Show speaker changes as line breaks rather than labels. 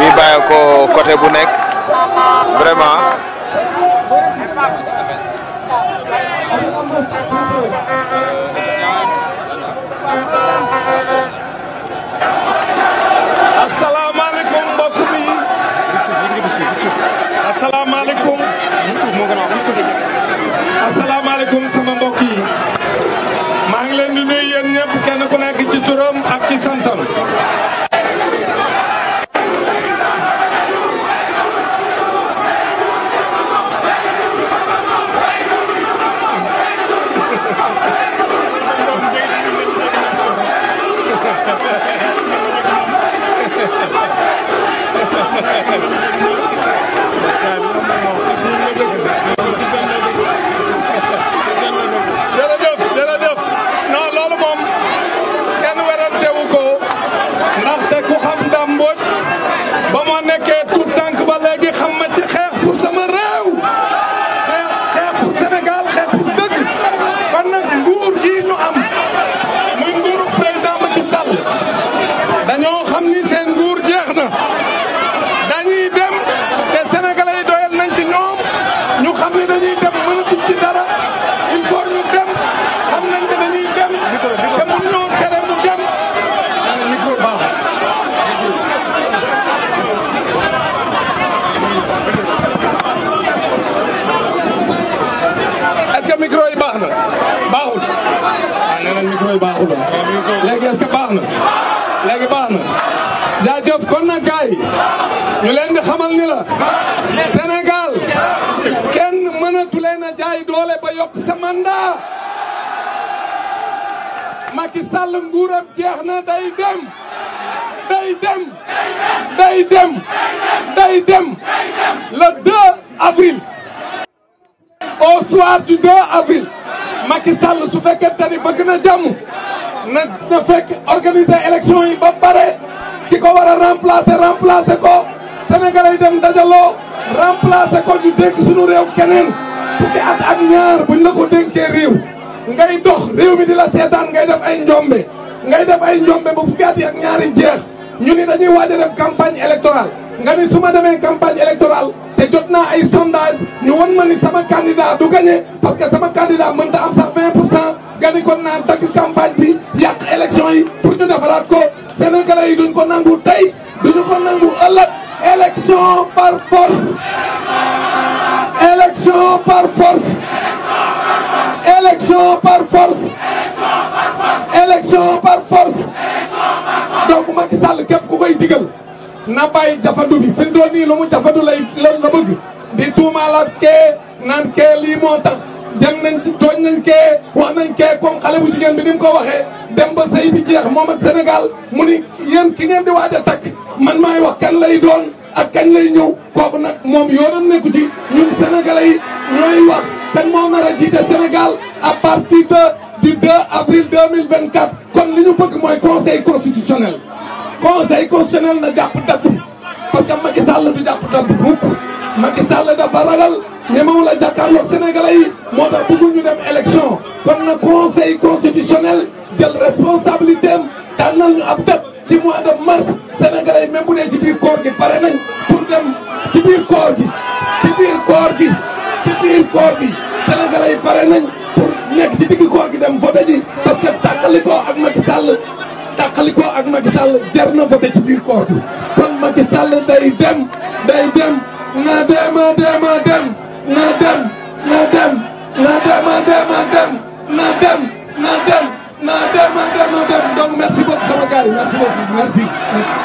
ñuy bàyyi ko côté bu nekk vraiment xam ne dañuy dem mënatuñ ci dara il faut ñu dem xam nañ ne dañuy dem te mun ñoo tere mu dem est-ce que micro yi baax na baaxul waaw ah, nee na micro yi baaxul léegi est-ce que baax na léegi baax na jaajëf kon nag gars yi ñu leen di xamal ni la Sénégal sa mandat Macky Sall nguuram jeex na day dem day dem day dem day dem le 2 avril au soir du 2 avril Macky Sall su fekkente ni bëgg na jàmm na na fekk organiser élection yi ba pare ki ko war a remplacer remplacer ko Sénégalais dem dajaloo remplacer ko ñu dégg suñu réew keneen fukki at ak ñaar buñ la ko denké réew ngay dox réew mi di la seetaan ngay def ay ñombé ngay def ay ñombé bu fukki at ak ñaari jeex ñu ni dañuy wajé def campagne électorale nga ni suma démé campagne électorale té jotna ay sondage ñu won ma ni sama candidat du gagné parce que sama candidat mën ta am sax 20 gani kon na dag campagne bi yak élection yi pour ñu defaraat ko sénégalais yi duñ ko nangul tay duñ ko nangul ëlëk élection par force élection par force élection par force élection par force donc Macky Sall képp ku koy digal na bàyyi jafadu bi fi mu doon nii lu mu jafadu lay la bëgg di tuumaalaat kee naan kee lii moo tax dem nañ tooñ nañ kee wax nañ kee comme xale bu jigéen bi ni mu ko waxee dem ba sëy bi jeex moom ak Sénégal mu ni yéen ki ngeen di waaj a takk man maay wax kan lay doon ak kañ lay ñëw kooku nag moom yoonam nekku ci ñun sénégalais yi ñooy wax kan moo nar a jiite Sénégal à partir de du kon li ñu bëgg mooy conseil constitutionnel conseil constitutionnel na jàpp date bi parce que Macky Sall du jàpp date bu Macky Sall dafa ragal ñemewu la moo tax bëggu ñu dem kon na conseil constitutionnel jël responsabilité am ñu ab date sénégalais même bu dee ci biir koor gi pare nañ pour dem ci biir koor gi ci biir koor gi ci biir koor gi sénégalais yi pare nañ pour nekk ci digg koor gi dem voté ji parce que tàqali ko ak Macky Sall tàqali ko ak Macky Sall jar na voté ci biir koor gi kon Macky Sall day dem day dem na dema dema dem na dem na dem na dema dema dem na dem na dem na dema dema dem donc merci beaucoup sama gars yi merci beaucoup merci